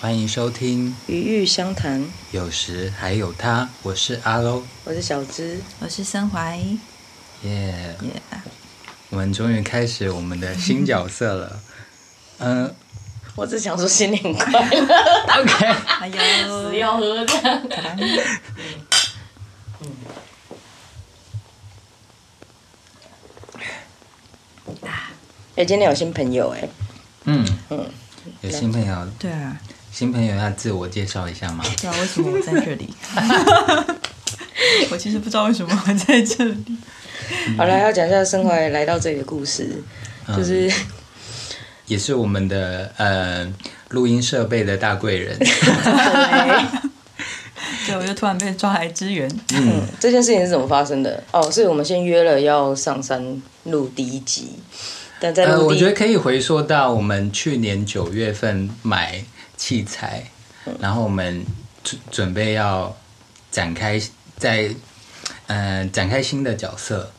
歡迎收聽《餘域相談》，有時還有祂。我是阿洛，我是小芝，我是森淮。耶耶！我們終於開始我們的新角色了。嗯、 uh,，我只想說新年快樂。 OK，還 呀、哎呦， 死要喝的。嗯 嗯、欸。今天有新朋友哎、欸。嗯嗯，有新朋友。嗯、對啊。新朋友要自我介紹一下嗎？對、啊、為什麼我在這裡？ 我其實不知道為什麼我在這裡。好了，要講一下森淮來到這裡的故事，就是、嗯、也是我們的呃錄音設備的大貴人。對， 對我就突然被抓來支援。嗯，這件事情是怎麼發生的？哦，是我們先約了要上山錄第一集，但在、呃、我覺得可以回溯到我們去年九月份買。器材，然後我們準準備要展開在嗯、呃、展開新的角色，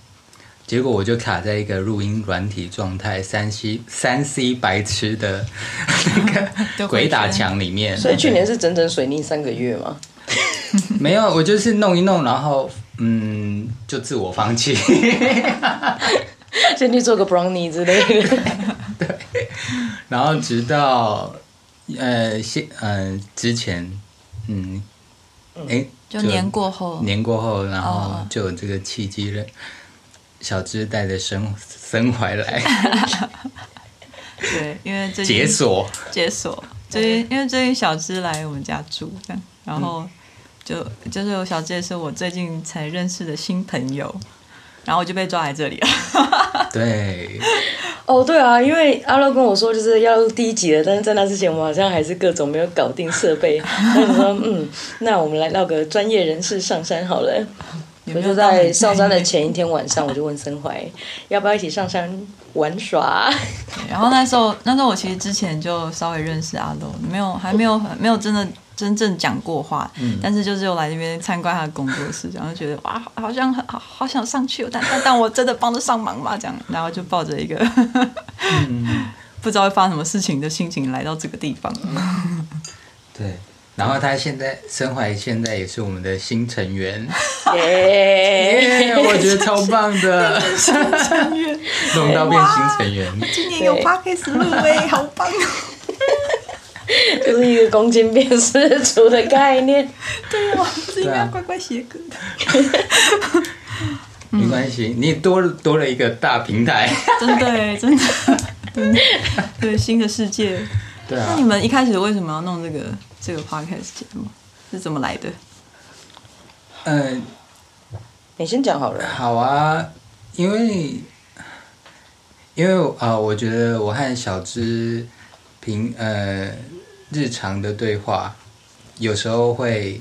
結果我就卡在一個錄音軟體狀態三 C 三 C 白痴的那個鬼打牆裡面。所以去年是整整水逆三個月嗎？ 沒有，我就是弄一弄，然後嗯就自我放棄， 先去做個 brownie 之類的。 對，然後直到。呃先，呃，之前，嗯，哎、嗯，就年過後，年過後，然後就有這個契機了。小芝帶着森森淮來， 對，因為這解鎖解鎖最近，因為最近小芝來我們家住，然後就、嗯、就是小芝也是我最近才認識的新朋友，然後我就被抓來這裡了， 對。哦、oh，對啊，因為阿洛跟我說就是要錄第一集了，但是在那之前，我好像還是各種沒有搞定設備。他 說：“嗯，那我們來讓個專業人士上山好了。”我就在上山的前一天晚上，我就問森淮 要不要一起上山玩耍。然後那時候，那時候我其實之前就稍微認識阿洛，沒有還沒有沒有真的。真正講過話，但是就是又來這邊參觀他的工作室，然、嗯、後覺得哇，好像很好，好想上去，但但但我真的幫得上忙嗎？這樣，然後就抱着一個呵呵、嗯、不知道會發生什麼事情的心情來到這個地方。嗯、 對，然後他現在身懷，現在也是我們的新成員，耶耶，我覺得超棒的，新、新成員弄到變新成員，今年有八 o d 路 a 哎，好棒！ 就是一個公斤變四銖的概念。 對啊、哦，是應該乖乖寫歌的。 嗯、沒關係，你也多了多了一個大平台。 真的，真的， 對，新的世界。 對啊。那你們一開始為什麼要弄這個這個 podcast 節目？是怎麼來的？嗯、呃，你先講好了。好啊，因為因為啊、呃，我覺得我和小芝平呃。日常的對話，有時候會，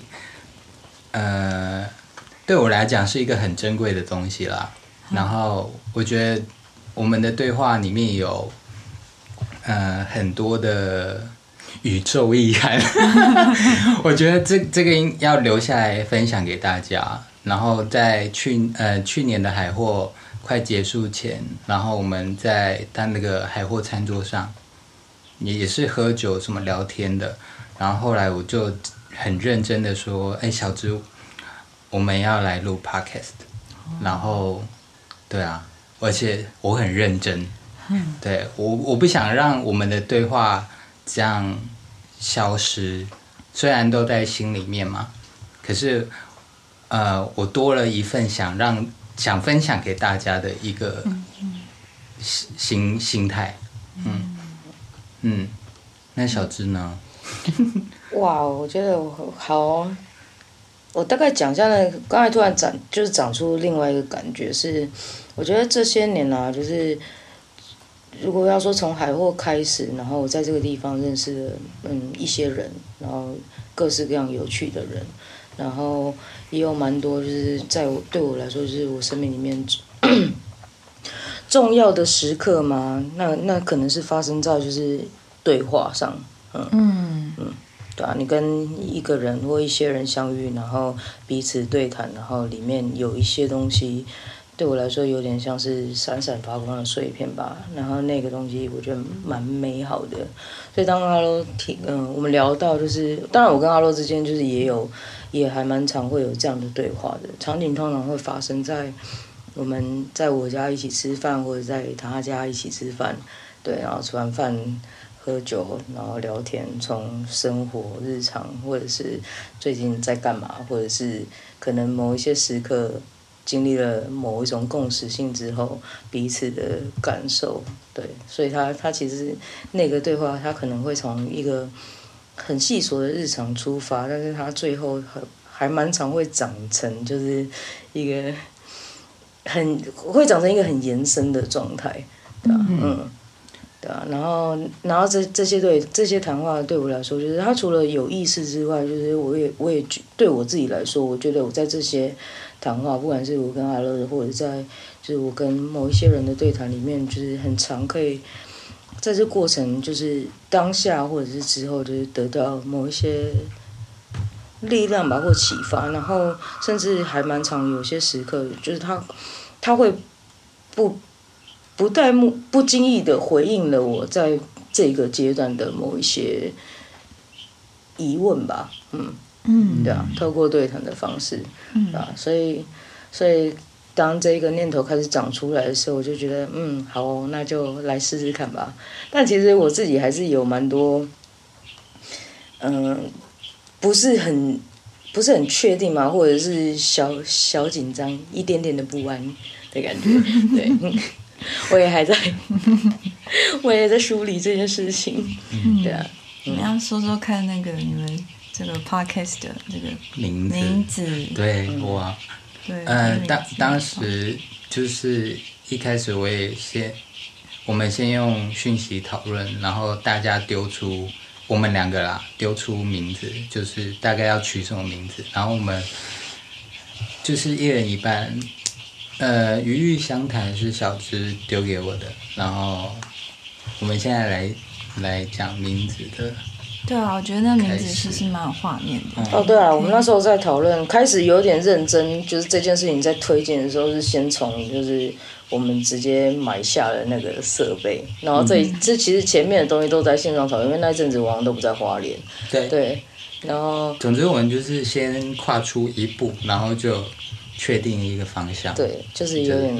呃，對我來講是一個很珍貴的東西啦。然後我覺得我們的對話裡面有，呃，很多的宇宙意義哈哈， 我覺得這這個要留下來分享給大家。然後在去呃去年的海貨快結束前，然後我們在他那個海貨餐桌上。也也是喝酒什麼聊天的，然後後來我就很認真的說：“哎、欸，小芝，我們要來錄 Podcast、哦。”然後，對啊，而且我很認真，嗯、對我我不想讓我們的對話這樣消失。雖然都在心裡面嘛，可是，呃，我多了一份想讓想分享給大家的一個心心、嗯、心態，嗯。嗯嗯，那小芝呢？嗯。哇，我覺得我好，哦，我大概講一下呢，那個。剛才突然長，就是長出另外一個感覺是，我覺得這些年啊，就是如果要說從海貨開始，然後我在這個地方認識的，嗯，一些人，然後各式各樣有趣的人，然後也有蠻多，就是在我對我來說，就是我生命裡面咳咳。重要的時刻嗎？那，那可能是發生在就是對話上，嗯嗯嗯，對啊，你跟一個人或一些人相遇，然後彼此對談，然後裡面有一些東西，對我來說有點像是閃閃發光的碎片吧。然後那個東西我覺得蠻美好的。所以當阿洛聽，嗯，我們聊到就是，當然我跟阿洛之間就是也有，也還蠻常會有這樣的對話的場景，通常會發生在我們在我家一起吃飯，或者在他家一起吃飯，對，然後吃完飯喝酒，然後聊天，從生活日常，或者是最近在幹嘛，或者是可能某一些時刻經歷了某一種共識性之後彼此的感受，對，所以他他其實那個對話，他可能會從一個很細瑣的日常出發，但是他最後還還蠻常會長成就是一個。很會長成一個很延伸的狀態，對吧？嗯，嗯，對啊。然後，然後這這些對這些談話對我來說，就是他除了有意思之外，就是我也我也覺對我自己來說，我覺得我在這些談話，不管是我跟阿樂，或者在就是我跟某一些人的對談裡面，就是很常可以在這過程，就是當下或者是之後，就是得到某一些。力量吧，或啟發，然後甚至還蠻常，有些時刻，就是他他會不不帶目不經意的回應了我在這個階段的某一些疑問吧，嗯嗯，對啊，透過對談的方式，嗯，啊，所以所以當這一個念頭開始長出來的時候，我就覺得嗯好哦，那就來試試看吧。但其實我自己還是有蠻多嗯。不是很不是很確定嘛，或者是小小緊張一點點的不安的感覺， 對，我也還在， 我也在梳理這件事情，嗯、對啊，我、嗯、們要說說看那個你們這個 podcast 的這個名字，名字，對、嗯、我，對，嗯呃、當當時就是一開始我也先，嗯、我們先用訊息討論，然後大家丟出。我們兩個啦，丟出名字，就是大概要取什麼名字，然後我們就是一人一半。呃，餘域相談是小芝丟給我的，然後我們現在來來講名字的。對啊，我覺得那名字其實是蠻有畫面的、嗯。哦，對啊，我們那時候在討論、嗯，開始有點認真，就是這件事情在推進的時候是先從，就是我們直接買下了那個設備，然後這這其實前面的東西都在線上討論、嗯，因為那一陣子我們都不在花蓮。對對，然後。總之，我們就是先跨出一步，然後就確定一個方向。對，就是有點。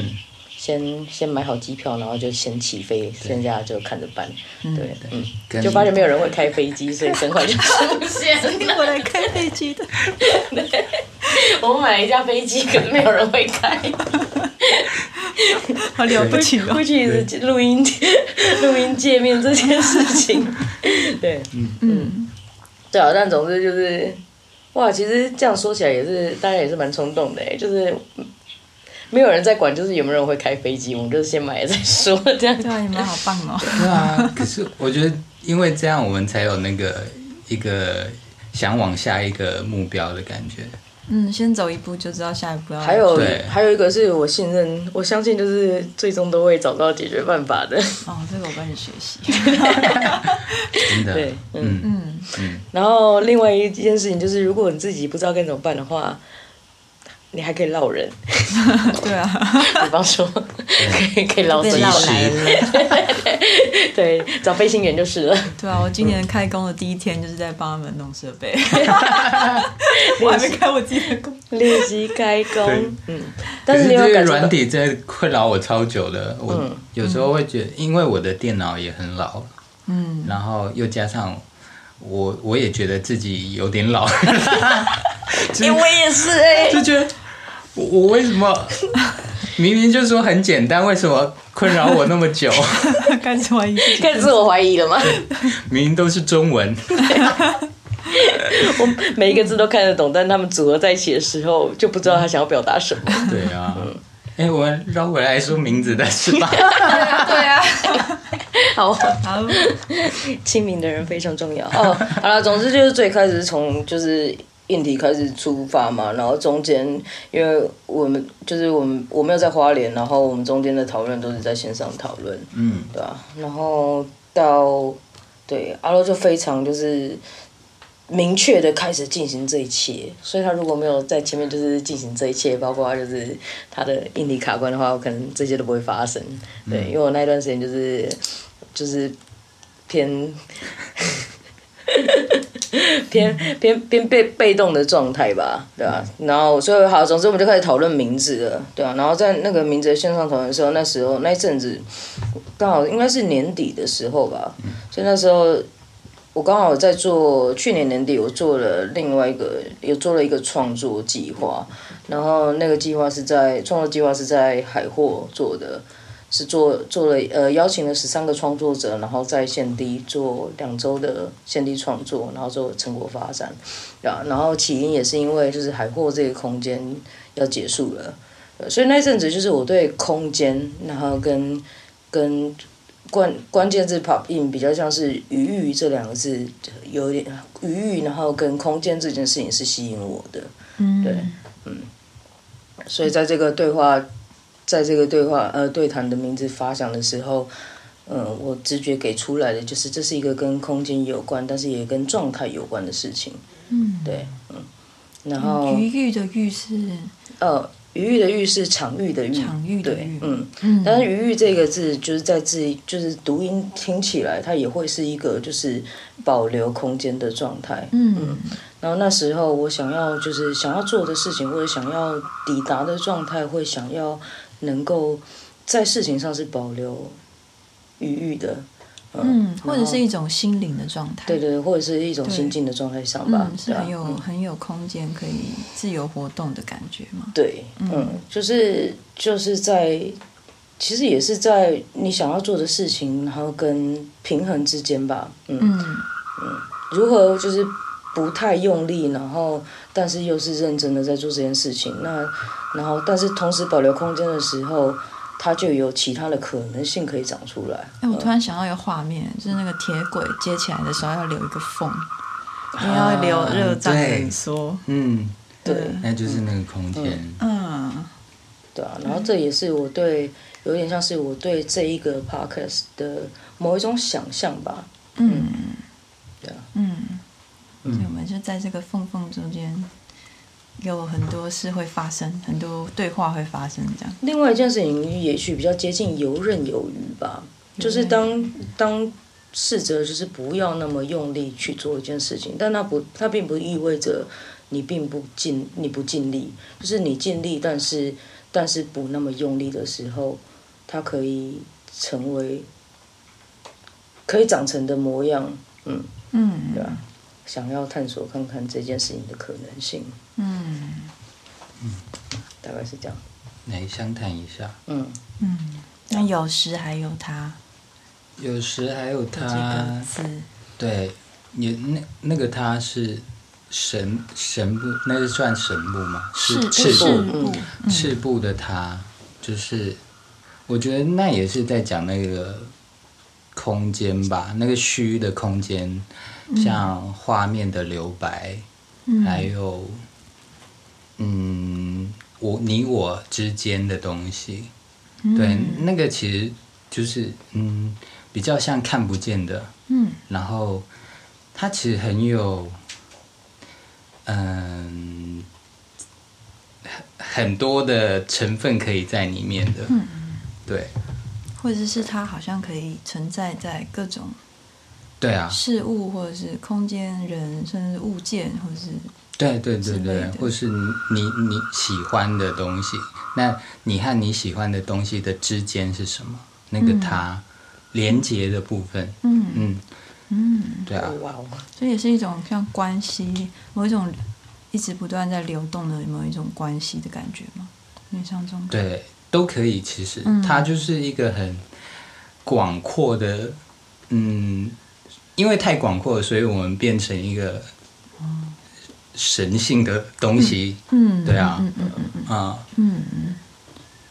先先買好機票，然後就先起飛，剩下就看着辦。對，嗯，嗯就發現沒有人會開飛機，所以森淮就出現，我來開飛機的。對我們買一架飛機，可是沒有人會開， 好了不起了，不起的是錄音天錄音界面這件事情。對，嗯，嗯對啊，但總之就是，哇，其實這樣說起來也是，大家也是蠻衝動的、欸，就是。沒有人在管，就是有沒有人會開飛機，我們就是先買了再說。這樣對嗎？你們好棒哦！ 對啊，可是我覺得，因為這樣我們才有那個一個想往下一個目標的感覺。嗯，先走一步就知道下一步要。還有，還有一個是我信任，我相信，就是最終都會找到解決辦法的。哦，這個我幫你學習。 真的？對，嗯嗯嗯。然後另外一件事情就是，如果你自己不知道該怎麼辦的話。你還可以撈人， 對啊，比方說可以可以撈 對，對，找飛行員就是了。對啊，我今年開工的第一天就是在幫他們弄設備， 我還沒開我自己的工，練 習開工。嗯，但是這個軟體真的困擾我超久了。嗯，我有時候會覺得，嗯，因為我的電腦也很老，嗯，然後又加上。我我也覺得自己有點老，哈哈哈哈我也是哎、欸。就覺得我，我為什麼明明就說很簡單，為什麼困擾我那麼久？開始懷疑，開始自我懷疑了嗎？明明都是中文， 我每一個字都看得懂，但他們組合在一起的時候，就不知道他想要表達什麼。對啊，哎、欸，我們繞回來說名字的是吧？ 對呀、啊，對呀、啊。好好，好好 親民的人非常重要哦。好了，總之就是最開始是從就是印尼開始出發嘛，然後中間因為我們就是我們我沒有在花蓮，然後我們中間的討論都是在線上討論，嗯，對啊。然後到對 A Lo 就非常就是明確的開始進行這一切，所以他如果沒有在前面就是進行這一切，包括他就是他的印尼卡關的話，我可能這些都不會發生。嗯、對，因為我那段時間就是。就是偏， 偏偏偏被被動的狀態吧，對吧、啊？然後所以好，總之我們就開始討論名字了，對吧、啊？然後在那個名字的線上討論的時候，那時候那一陣子剛好應該是年底的時候吧，所以那時候我剛好在做，去年年底我做了另外一個，又做了一個創作計劃，然後那個計劃是在創作計劃是在海貨做的。是做做了呃邀請了十三個創作者，然後在現地做兩周的現地創作，然後做成果發展，然然後起因也是因為就是海闊這個空間要結束了，所以那陣子就是我對空間，然後跟跟關關鍵字 pop in 比較像是餘域這兩個字有點餘域，然後跟空間這件事情是吸引我的，嗯，對，嗯，所以在這個對話。在這個對話呃對談的名字發想的時候，嗯，我直覺給出來的就是這是一個跟空間有關，但是也跟狀態有關的事情。嗯，對，嗯，然後餘域的域是呃、哦、餘域的域是場域的域，場域的域。嗯，嗯。但是餘域這個字就是在字就是讀音聽起來它也會是一個就是保留空間的狀態。嗯嗯。然後那時候我想要就是想要做的事情，或者想要抵達的狀態會想要。能夠在事情上是保留餘裕的，嗯，嗯，或者是一種心靈的狀態，對，對對，或者是一種心境的狀態上吧，對、嗯、對吧，是很有、嗯、很有空間可以自由活動的感覺嘛？對，嗯，嗯就是就是在，其實也是在你想要做的事情，然後跟平衡之間吧，嗯嗯，嗯，如何就是。不太用力，然後但是又是認真的在做這件事情。那然後但是同時保留空間的時候，它就有其他的可能性可以長出來。哎、欸嗯，我突然想到一個畫面、嗯，就是那個鐵軌接起來的時候要留一個縫、嗯，你要留熱脹冷縮。嗯，對，那就是那個空間。嗯，對啊。然後這也是我對有點像是我對這一個 podcast 的某一種想象吧，嗯。嗯，對啊。嗯。所以我們就在這個縫縫中間，有很多事會發生，很多對話會發生這樣。另外一件事情也許比較接近游刃有餘吧，就是當當試着就是不要那麼用力去做一件事情，但它不，它並不意味着你並不盡，你不盡力，就是你盡力，但是但是不那麼用力的時候，它可以成為可以長成的模樣。嗯嗯，對吧？想要探索看看這件事情的可能性。嗯嗯，大概是這樣。來相談一下。嗯嗯，那有時還有他，有時還有他是、這個、對，你那那個他是神神部，那是、個、算神部嘛？是，是赤部是，赤部的他就是，我覺得那也是在講那個空間吧，那個虛的空間。像畫面的留白、嗯，還有，嗯，我你我之間的東西、嗯，對，那個其實就是嗯，比較像看不見的，嗯，然後它其實很有，嗯、呃，很很多的成分可以在裡面的、嗯，對，或者是它好像可以存在在各種。對啊，事物或者是空間、人，甚至是物件，或者是對對對對，或是你你你喜歡的東西，那你和你喜歡的東西的之間是什麼？嗯、那個它連接的部分，嗯嗯嗯，對啊，所以也是一種像關係，某一種一直不斷在流動的某一種關係的感覺嘛，像這種對都可以，其實、嗯、它就是一個很廣闊的，嗯。因為太廣闊，所以我們變成一個神性的東西。嗯，對啊，嗯嗯嗯嗯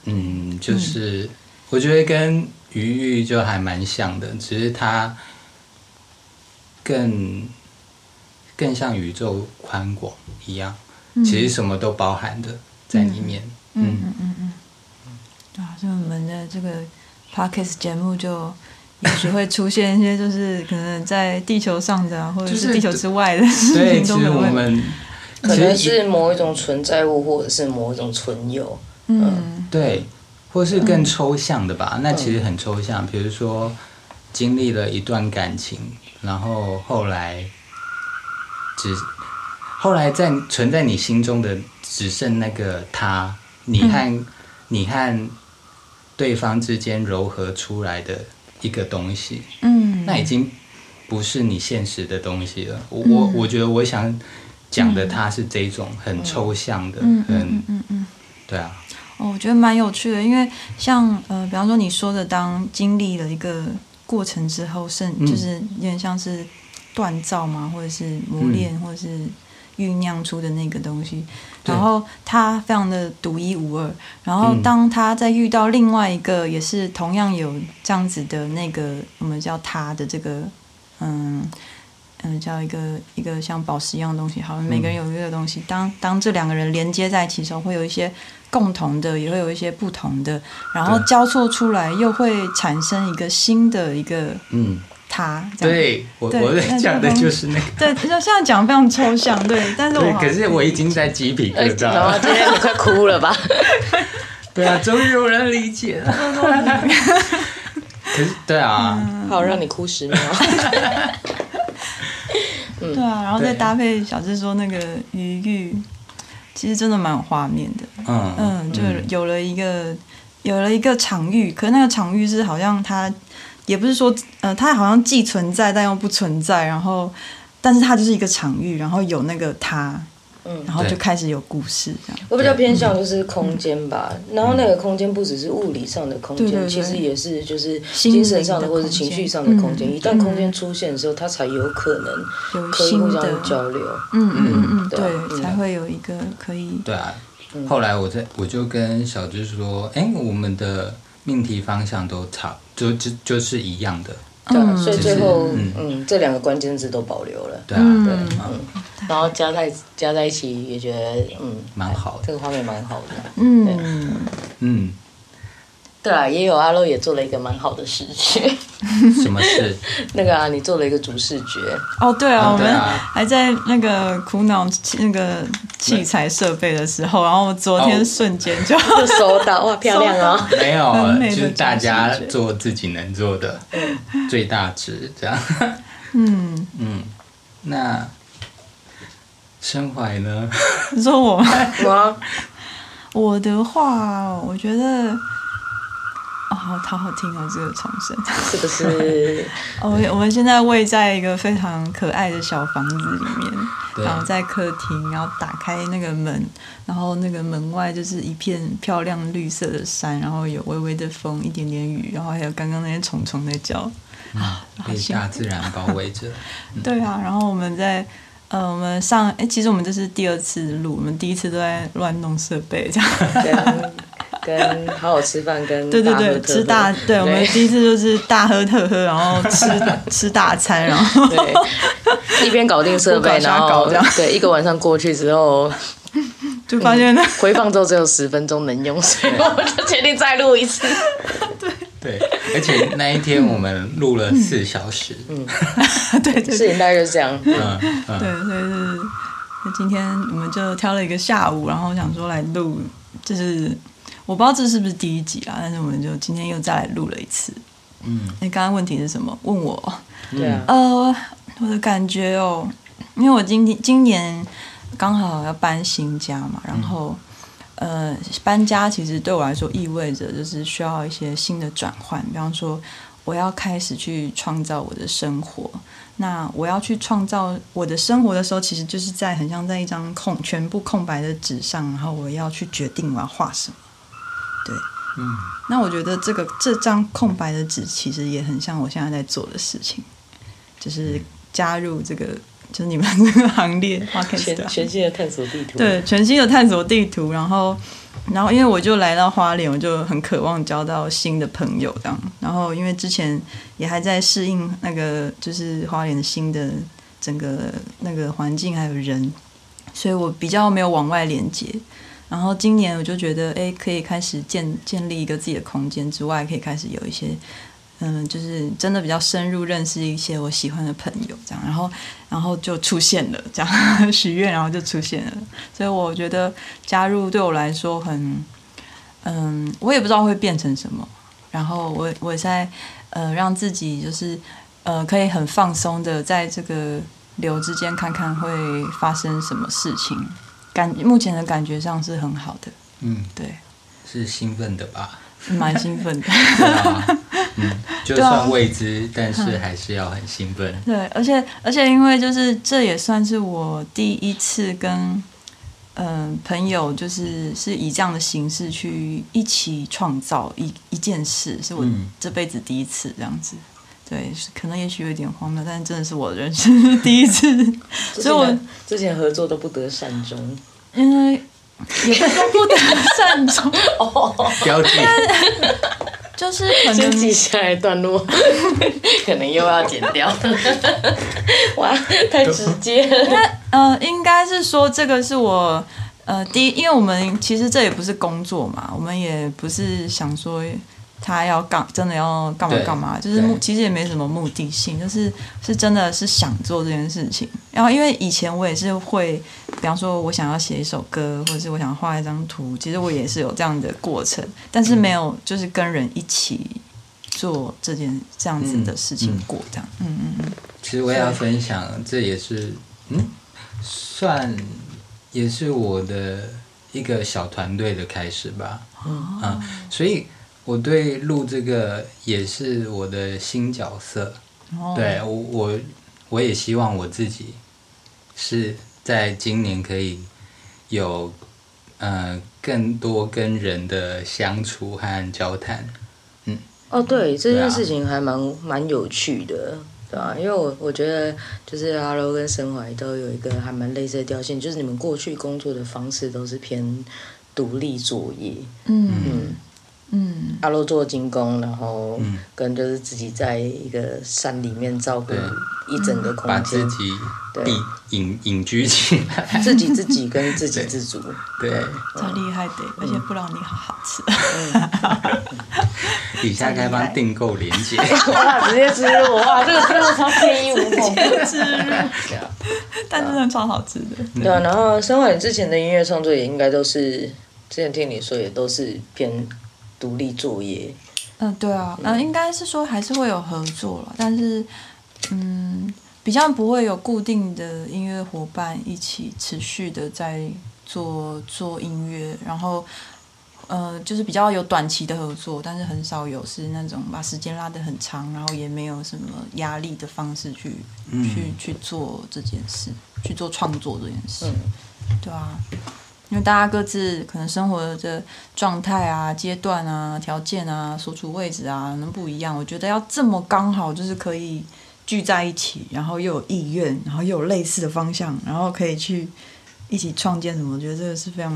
嗯就是嗯我覺得跟魚魚就還蠻像的，只是它更更像宇宙寬廣一樣，嗯、其實什麼都包含的在裡面。嗯嗯嗯嗯，啊、嗯，那、嗯、我們的這個 Podcast 節目就。也許會出現一些，就是可能在地球上的，啊，或者是地球之外的事情。對，其實我們，可能是某一種存在物，或者是某一種存有。嗯，嗯對，或者是更抽象的吧，嗯。那其實很抽象，嗯、比如說經歷了一段感情，然後後來只後來在存在你心中的，只剩那個他，你和，嗯、你和對方之間糅合出來的。一個東西，嗯，那已經不是你現實的東西了。嗯、我我我覺得我想講的，它是這種很抽象的，嗯嗯嗯嗯，嗯，對啊。哦，我覺得蠻有趣的，因為像呃，比方說你說的，當經歷了一個過程之後，甚就是有點像是鍛造嘛，或者是磨練、嗯，或者是。醞釀出的那個東西，然後他非常的獨一無二。然後當他在遇到另外一個，也是同樣有這樣子的那個，我們叫他的這個，嗯嗯、呃，叫一個一個像寶石一樣的東西。好，每個人有一個東西。當當這兩個人連接在一起的時候，會有一些共同的，也會有一些不同的，然後交錯出來，又會產生一個新的一個嗯。他對我，對我在講的就是那，個、那就對，就現在講非常抽象，對，但是我可是我已經在雞皮疙瘩，你知道嗎、 啊，今天你快哭了吧？ 對啊，終於有人理解了。 可是對啊，嗯、好讓你哭十秒、 嗯。對啊，然後再搭配小芝說那個餘域，其實真的蠻有畫面的。嗯嗯，就有了一個有了一個場域，可是那個場域是好像他。也不是說，呃，它好像既存在但又不存在，然後，但是它就是一個場域，然後有那個他，嗯，然後就開始有故事這樣。我比較偏向就是空間吧，嗯，然後那個空間不只是物理上的空間，嗯，對對對其實也是就是精神上的或者情緒上的空間。一、嗯、旦空間出現的時候，它才有可能可以互相交流。的嗯嗯嗯，嗯，對，啊嗯，才會有一個可以。對啊，嗯，後來我在我就跟小直說，哎，我們的命題方向都差。就就就是一樣的，對，嗯，就是、所以最後，嗯，嗯，這兩個關鍵字都保留了，對啊，對，嗯，um, 嗯 okay. 然後加在加在一起也覺得，嗯，蠻好的，這個畫面蠻好的，嗯，對嗯。對啊，也有 A Lo 也做了一個蠻好的事情。什麼事？那個啊，你做了一個主視覺哦、啊、哦。對啊，我們還在那個苦惱那個器材設備的時候，然後昨天瞬間就收到、哦、 哇，漂亮啊、哦！沒有，就是大家做自己能做的 最大值，這樣。嗯嗯，那森淮呢？ 你說我嗎？我的話，我覺得。哦，好好聽哦！這個蟲聲，是不是，我、 okay, 我們現在位在一個非常可愛的小房子裡面，然後在客廳，然後打開那個門，然後那個門外就是一片漂亮綠色的山，然後有微微的風，一點點雨，然後還有剛剛那些蟲蟲在叫，啊、嗯，被大自然包圍着。 對啊、嗯，然後我們在，呃，我們上，哎，其實我們這是第二次錄，我們第一次都在亂弄設備，這樣。 跟好好吃飯，跟喝喝對對對，吃大，對，對我們第一次就是大喝特喝，然後吃 吃大餐，然後對一邊搞定設備，然後對，一個晚上過去之後， 就發現、嗯、回放之後只有十分鐘能用，所以我們就決定再錄一次。對 對、對、對、對，而且那一天我們錄了四小時，嗯、 對、對、對，四點就是這樣。嗯，嗯對，所以是所以今天我們就挑了一個下午，然後想說來錄，就是。我不知道這是不是第一集啦，但是我們就今天又再來錄了一次。嗯，那剛剛問題是什麼？問我。對啊。呃，我的感覺哦，因為我今天今年剛好要搬新家嘛，然後、嗯、呃，搬家其實對我來說意味着就是需要一些新的轉換，比方說我要開始去創造我的生活。那我要去創造我的生活的時候，其實就是在很像在一張空、全部空白的紙上，然後我要去決定我要畫什麼。對，嗯，那我覺得這個這張空白的紙其實也很像我現在在做的事情，就是加入這個，就是你們這個行列，花全，全新的探索地圖，對，全新的探索地圖。嗯、然後，然後，因為我就來到花蓮，我就很渴望交到新的朋友，這樣。然後，因為之前也還在適應那個，就是花蓮新的整個那個環境還有人，所以我比較沒有往外連接。然後今年我就覺得，哎，可以開始建建立一個自己的空間之外，可以開始有一些，嗯、呃，就是真的比較深入認識一些我喜歡的朋友，這樣，然後，然後就出現了，這樣許願，然後就出現了。所以我覺得加入對我來說很，嗯、呃，我也不知道會變成什麼。然後我，我也在，呃，讓自己就是，呃，可以很放鬆的在這個流之間看看會發生什麼事情。感目前的感覺上是很好的，嗯，對，是興奮的吧？是蠻興奮的、 對啊，嗯，就算未知，啊、但是還是要很興奮、嗯。對，而且而且因為就是這也算是我第一次跟嗯、呃、朋友，就是是以這樣的形式去一起創造一一件事，是我這輩子第一次這樣子。嗯對，可能也許有一點荒謬，但真的是我的人生第一次，所以我之前合作都不得善終，因、嗯、為都不得善終 哦，標、嗯、記就是先記下來段落，可能又要剪掉， 哇，太直接了，那呃，應該是說，這個是我呃第一，因為我們其實這也不是工作嘛，我們也不是想說。他要幹，真的要幹嘛幹嘛？就是其實也沒什麼目的性，就是是真的是想做這件事情。然後，因為以前我也是會，比方說我想要寫一首歌，或者是我想畫一張圖，其實我也是有這樣的過程，但是沒有就是跟人一起做這件這樣子的事情過。嗯嗯、這樣，嗯嗯嗯。其實我也要分享，這也是嗯算也是我的一個小團隊的開始吧。哦、啊，所以。我對錄這個也是我的新角色，oh. 對，我我我也希望我自己是在今年可以有、呃、更多跟人的相處和交談。嗯，哦、oh,，對、啊，這件事情還蠻蠻有趣的，對吧、啊？因為我我覺得就是 A Lo 跟森淮都有一個還蠻類似的調性，就是你們過去工作的方式都是偏獨立作業。嗯、mm -hmm. 嗯。嗯，阿羅做金工，然後跟就是自己在一個山裡面照顧一整個空間、嗯嗯，把自己地對隱隱居起來，自己自己跟自給自足，對，對、嗯、超厲害的，而且布朗尼好好吃。底、嗯嗯嗯嗯、下開放訂購連接，哇， 直接吃肉哇、啊，這個真的超天衣無縫，直接吃 但真的超好吃的。嗯、對啊，然後森淮之前的音樂創作也應該都是，之前聽你說也都是偏。獨立作業，嗯，對啊，嗯，應該是說還是會有合作了，但是，嗯，比較不會有固定的音樂夥伴一起持續的在做做音樂，然後，呃，就是比較有短期的合作，但是很少有是那種把時間拉得很長，然後也沒有什麼壓力的方式去、嗯、去去做這件事，去做創作這件事，嗯、對啊。因為大家各自可能生活的狀態啊、階段啊、條件啊、所處位置啊，能不一樣。我覺得要這麼剛好，就是可以聚在一起，然後又有意願，然後又有類似的方向，然後可以去一起創建什麼，我覺得這個是非常、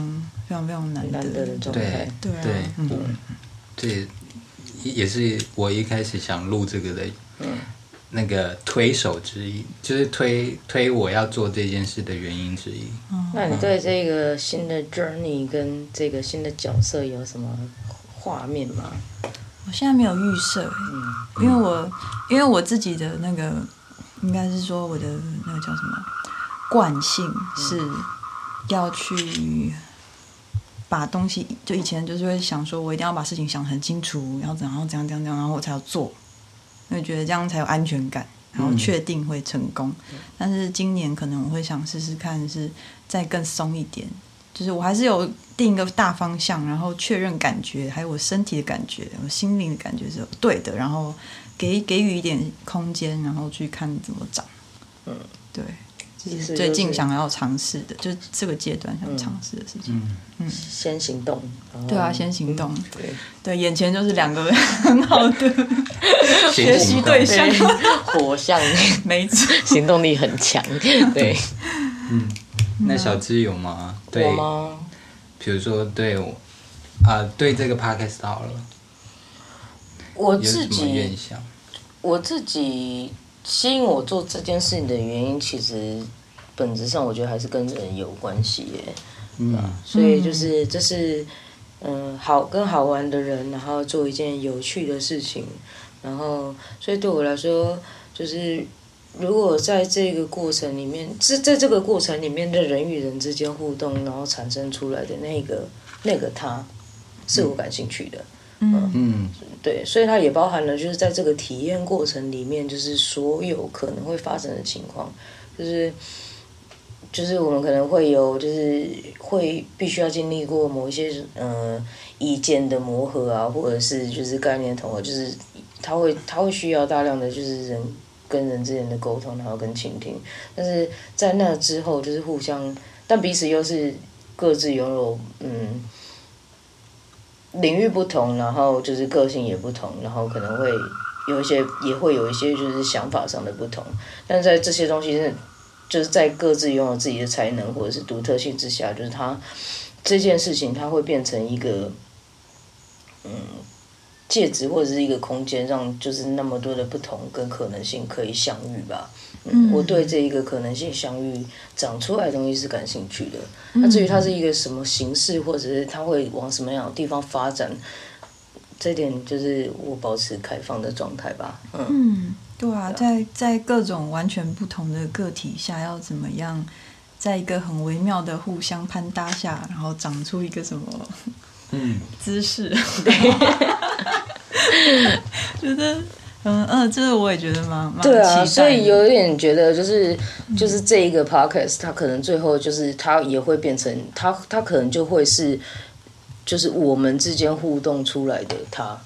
非常、非常難得的狀態。狀態，對對，嗯，這也是我一開始想錄這個的。嗯。那個推手之一，就是推推我要做這件事的原因之一。那你對這個新的 journey 跟這個新的角色有什麼畫面嗎？我現在沒有預設，嗯，因為我因為我自己的那個，應該是說我的那個叫什麼慣性是要去把東西，就以前就是會想說我一定要把事情想得很清楚，然後怎樣怎樣怎樣怎樣，然後我才要做。因為覺得這樣才有安全感，然後確定會成功。嗯。但是今年可能我會想試試看，是再更鬆一點。就是我還是有定一個大方向，然後確認感覺，還有我身體的感覺，我心靈的感覺是對的，然後給給予一點空間，然後去看怎麼長。嗯，對。最近想要嘗試的，就是就這個階段想嘗試的事情。嗯，嗯先行動，嗯嗯。對啊，先行動。對、嗯、對，眼前就是兩個人很好的學習對象。火象，沒錯，行動力很強。對， 嗯，那小芝有嗎？有、嗯、嗎？比如說，對我啊、呃，對這個 podcast 好了。我自己，我自己。吸引我做這件事情的原因，其實本質上我覺得還是跟人有關係耶。嗯，所以就是這是嗯，好跟好玩的人，然後做一件有趣的事情，然後所以對我來說，就是如果在這個過程裡面，是在這個過程裡面的人與人之間互動，然後產生出來的那個那個他，是我感興趣的。嗯嗯嗯，對，所以它也包含了，就是在這個體驗過程裡面，就是所有可能會發生的情況，就是就是我們可能會有，就是會必須要經歷過某一些呃意見的磨合啊，或者是就是概念的統合，就是它會它會需要大量的就是人跟人之間的溝通，然後跟傾聽，但是在那之後就是互相，但彼此又是各自擁有嗯。領域不同，然後就是個性也不同，然後可能會有一些，也會有一些就是想法上的不同。但在這些東西是，就是在各自擁有自己的才能或者是獨特性之下，就是他這件事情，它會變成一個嗯，介質，或者是一個空間，讓就是那麼多的不同跟可能性可以相遇吧。嗯、我對這一個可能性相遇長出來的東西是感興趣的，那、嗯啊、至於它是一個什麼形式，或者是它會往什麼樣的地方發展，這點就是我保持開放的狀態吧嗯。嗯，對啊，在在各種完全不同的個體下，要怎麼樣，在一個很微妙的互相攀搭下，然後長出一個什麼姿勢、嗯姿勢，對 就是嗯嗯、呃，這個我也覺得蠻蠻期待。對啊，所以有點覺得，就是就是這一個 podcast、嗯、它可能最後就是它也會變成，它它可能就會是，就是我們之間互動出來的它，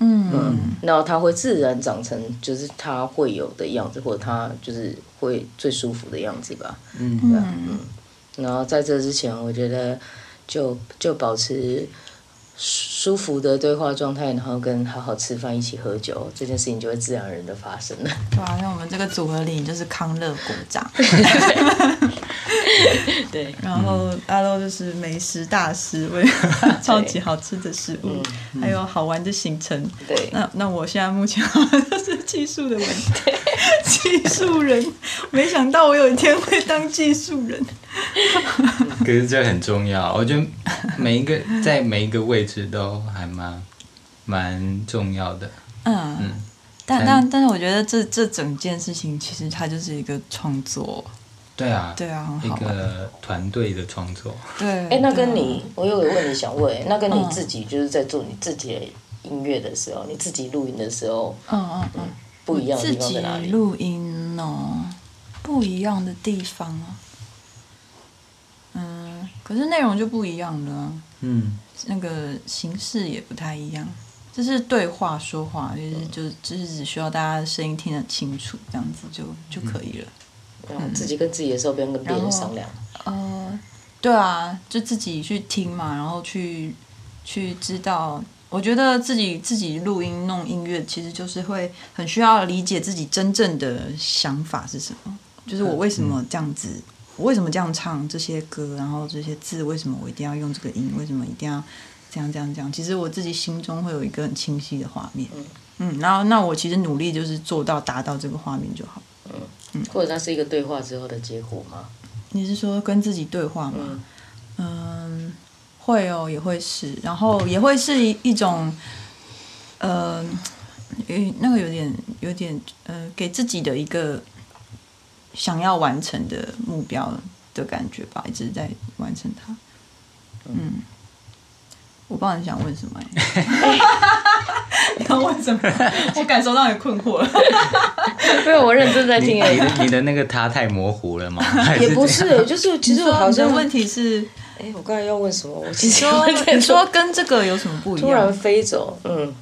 嗯嗯，然後它會自然長成，就是它會有的樣子，或者它就是會最舒服的樣子吧，嗯嗯。然後在這之前，我覺得就就保持。舒服的對話狀態，然後跟好好吃飯一起喝酒，這件事情就會自然而然的發生了。哇、啊，那我們這個組合裡，就是康樂股長。 對， 對，然後、嗯、阿洛就是美食大師，為超級好吃的食物，還有好玩的行程。對、嗯嗯，那那我現在目前 是技術的問題， 技術人，沒想到我有一天會當技術人。 可是這很重要，我覺得每一個在每一個位置其實都還蠻蠻重要的，嗯嗯，但但但是我覺得這這整件事情其實它就是一個創作，對啊對啊，一個團隊的創作，對。哎、欸，那跟你、啊、我有個問題想問，那跟你自己就是在做你自己的音樂的時候，你自己錄音的時候，嗯嗯嗯，不一樣的地方。自己錄音哦，不一樣的地方啊，嗯，可是內容就不一樣了、啊，嗯。那個形式也不太一樣，就是對話說話，就是就就是只需要大家聲音聽得清楚，這樣子就就可以了嗯。嗯，自己跟自己的時候不用跟別人商量。呃，對啊，就自己去聽嘛，然後去去知道。我覺得自己自己錄音弄音樂，其實就是會很需要理解自己真正的想法是什麼，就是我為什麼這樣子。嗯我為什麼這樣唱這些歌？然後這些字為什麼我一定要用這個音？為什麼一定要這樣這樣這樣？其實我自己心中會有一個很清晰的畫面。嗯嗯，然後那我其實努力就是做到達到這個畫面就好。嗯嗯，或者它是一個對話之後的結果嗎？你是說跟自己對話嗎嗯？嗯，會哦，也會是，然後也會是一種，嗯、呃，因為那個有點有點，呃，給自己的一個。想要完成的目標的感覺吧，一直在完成它。嗯，我不知道你想問什麼、欸，你、欸、 要問什麼？ 我感受到你困惑了，因 為、欸，我認真在聽。你的你的那個它太模糊了嗎？欸、也不是、欸，就是其實我好像問題是，哎、欸，我剛才要問什麼？我其實你說，你說跟這個有什麼不一樣？突然飛走，嗯。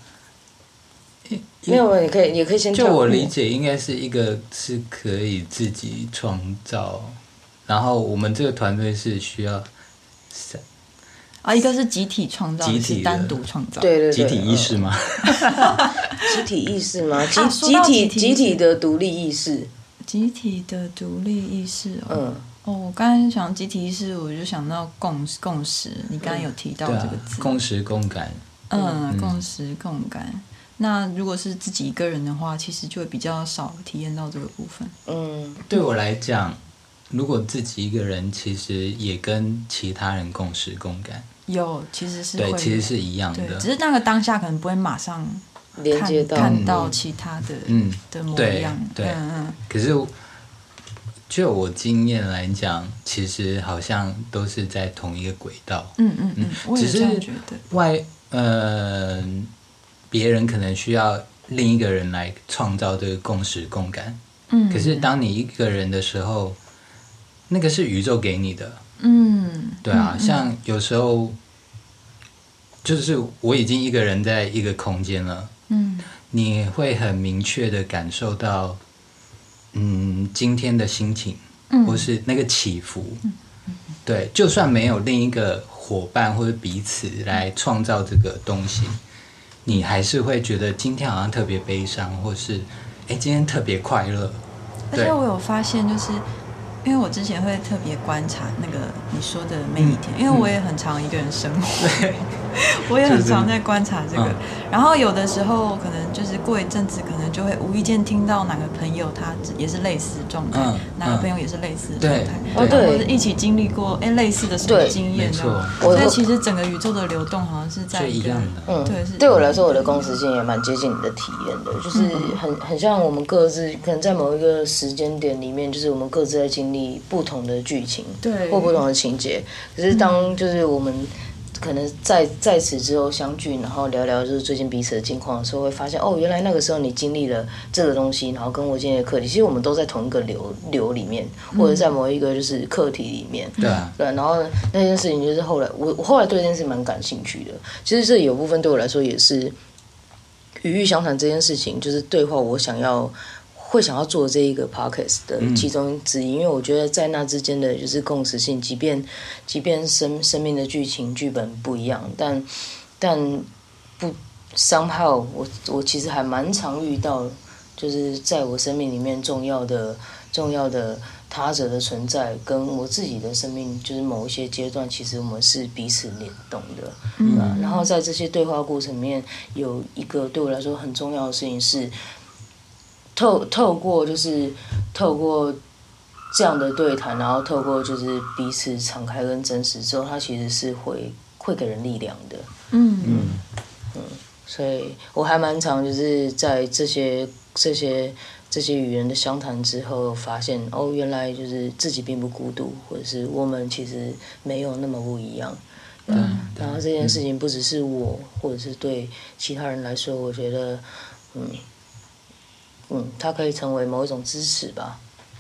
沒有，你可以，你可以先。就我理解，應該是一個是可以自己創造，然後我們這個團隊是需要三啊，一個是集體創造，集體單獨創造，對對，集體意識嗎？集體意識嗎？集 集體，集、啊、集、體，集體的獨立意識，集體的獨立意識。嗯、哦，我剛才想集體意識，我就想到共共識。你剛才有提到這個詞、嗯啊，共識共感。嗯，嗯，共識共感。那如果是自己一個人的話，其實就會比較少體驗到這個部分。嗯，對我來講，如果自己一個人，其實也跟其他人共時共感。有，其實是對，其實是一樣的，只是那個當下可能不會馬上看連接到看到其他的嗯的模樣對，對，嗯嗯，可是就我經驗來講，其實好像都是在同一個軌道。嗯嗯嗯，嗯我只是覺得外嗯。呃別人可能需要另一個人來創造這個共時共感，嗯，可是當你一個人的時候，那個是宇宙給你的，嗯，對啊，嗯，像有時候，就是我已經一個人在一個空間了，嗯，你會很明確的感受到，嗯，今天的心情，嗯，或是那個起伏，嗯，對，就算沒有另一個夥伴或者彼此來創造這個東西。你還是會覺得今天好像特別悲傷，或是誒，今天特別快樂。而且我有發現，就是因為我之前會特別觀察那個你說的每一天，嗯，因為我也很常一個人生活。嗯。對。我也很常在觀察這個，就是嗯、然後有的時候可能就是過一陣子，可能就會無意間聽到哪個朋友他也是類似狀態、嗯嗯，哪個朋友也是類似狀態，對，或者、喔嗯、一起經歷過哎、欸、類似的什麼經驗、啊，對，所以其實整個宇宙的流動好像是在一樣的，嗯，對是嗯。對我來說，我的共時性也蠻接近你的體驗的，就是很、嗯、很像我們各自可能在某一個時間點裡面，就是我們各自在經歷不同的劇情，對，或不同的情節。可是當就是我們。嗯嗯可能在在此之後相聚，然後聊聊就是最近彼此的近況的時候，會發現哦，原來那個時候你經歷了這個東西，然後跟我現在的課題，其實我們都在同一個流流裡面，或者在某一個就是課題裡面。嗯、對啊，對，然後那件事情就是後來我我後來對這件事情蠻感興趣的。其實這有部分對我來說也是，與欲相談這件事情就是對話，我想要。會想要做這一個 podcast 的其中之一，因為我覺得在那之間的就是共時性，即便即便生生命的劇情劇本不一樣，但但不 somehow 我我其實還蠻常遇到，就是在我生命裡面重要的重要的他者的存在，跟我自己的生命就是某一些階段，其實我們是彼此聯動的，嗯，啊，然後在這些對話過程裡面有一個對我來說很重要的事情是。透透過就是透過這樣的對談，然後透過就是彼此敞開跟真實之後，他其實是會會給人力量的。嗯嗯嗯，所以我還蠻常就是在這些這些這些語言的相談之後，發現哦，原來就是自己並不孤獨，或者是我們其實沒有那麼不一樣。嗯，啊、嗯然後這件事情不只是我，或者是對其他人來說，我覺得嗯。嗯，它可以成為某一種支持吧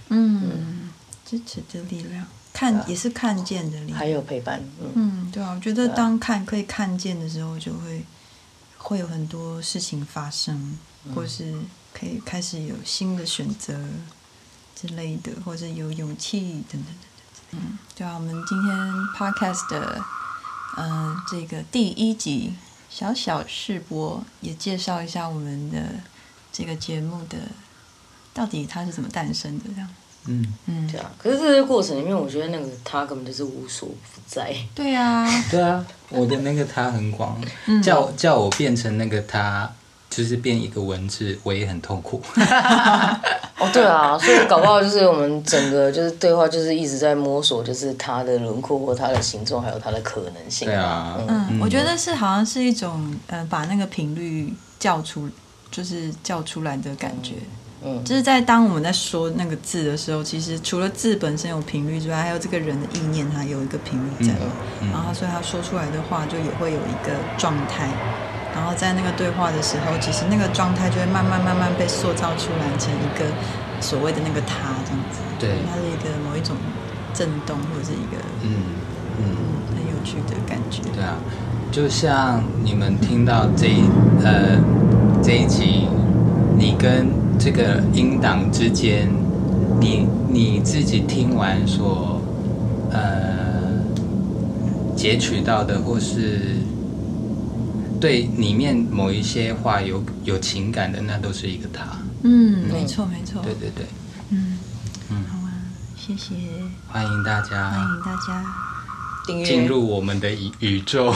嗯。嗯，支持的力量，看、啊、也是看見的力量，還有陪伴。嗯，嗯對啊，我覺得當看、啊、可以看見的時候，就會會有很多事情發生，嗯，或是可以開始有新的選擇之類的，或者有勇氣等等等等，等。嗯，對啊，我們今天 podcast 的嗯、呃、這個第一集小小試播，也介紹一下我們的。這個節目的到底它是怎麼誕生的？這樣，嗯嗯，對啊。可是這些過程裡面，我覺得那個他根本就是無所不在。對啊， 對啊，我的那個他很廣，嗯、叫叫我變成那個他，就是變一個文字，我也很痛苦。 哦，對啊，所以搞不好就是我們整個就是對話，就是一直在摸索，就是他的輪廓或他的形狀，還有他的可能性。對啊，嗯，嗯我覺得是好像是一種、呃、把那個頻率叫出。就是叫出來的感覺，嗯，就是在當我們在說那個字的時候，其實除了字本身有頻率之外，還有這個人的意念，它有一個頻率在嘛、嗯嗯，然後所以他說出來的話就也會有一個狀態，然後在那個對話的時候，其實那個狀態就會慢慢慢慢被塑造出來，成一個所謂的那個他這樣子，對，他是一個某一種震動或者是一個嗯嗯，嗯很有趣的感覺，對啊，就像你們聽到這一、嗯、呃。這一集，你跟這個音檔之間，你你自己聽完所呃截取到的，或是對裡面某一些話有有情感的，那都是一個他。嗯，沒、嗯、錯，沒錯，對對對，嗯嗯，好啊，謝謝，歡迎大家，歡迎大家訂閱進入我們的宇宇宙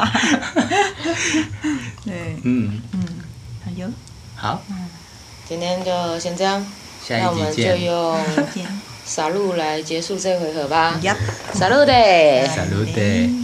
。 對，嗯嗯。好，今天就先這樣，下一集見，那我們就用 “Salud” 來結束這回合吧，“Salud” 對，“Salud” 對。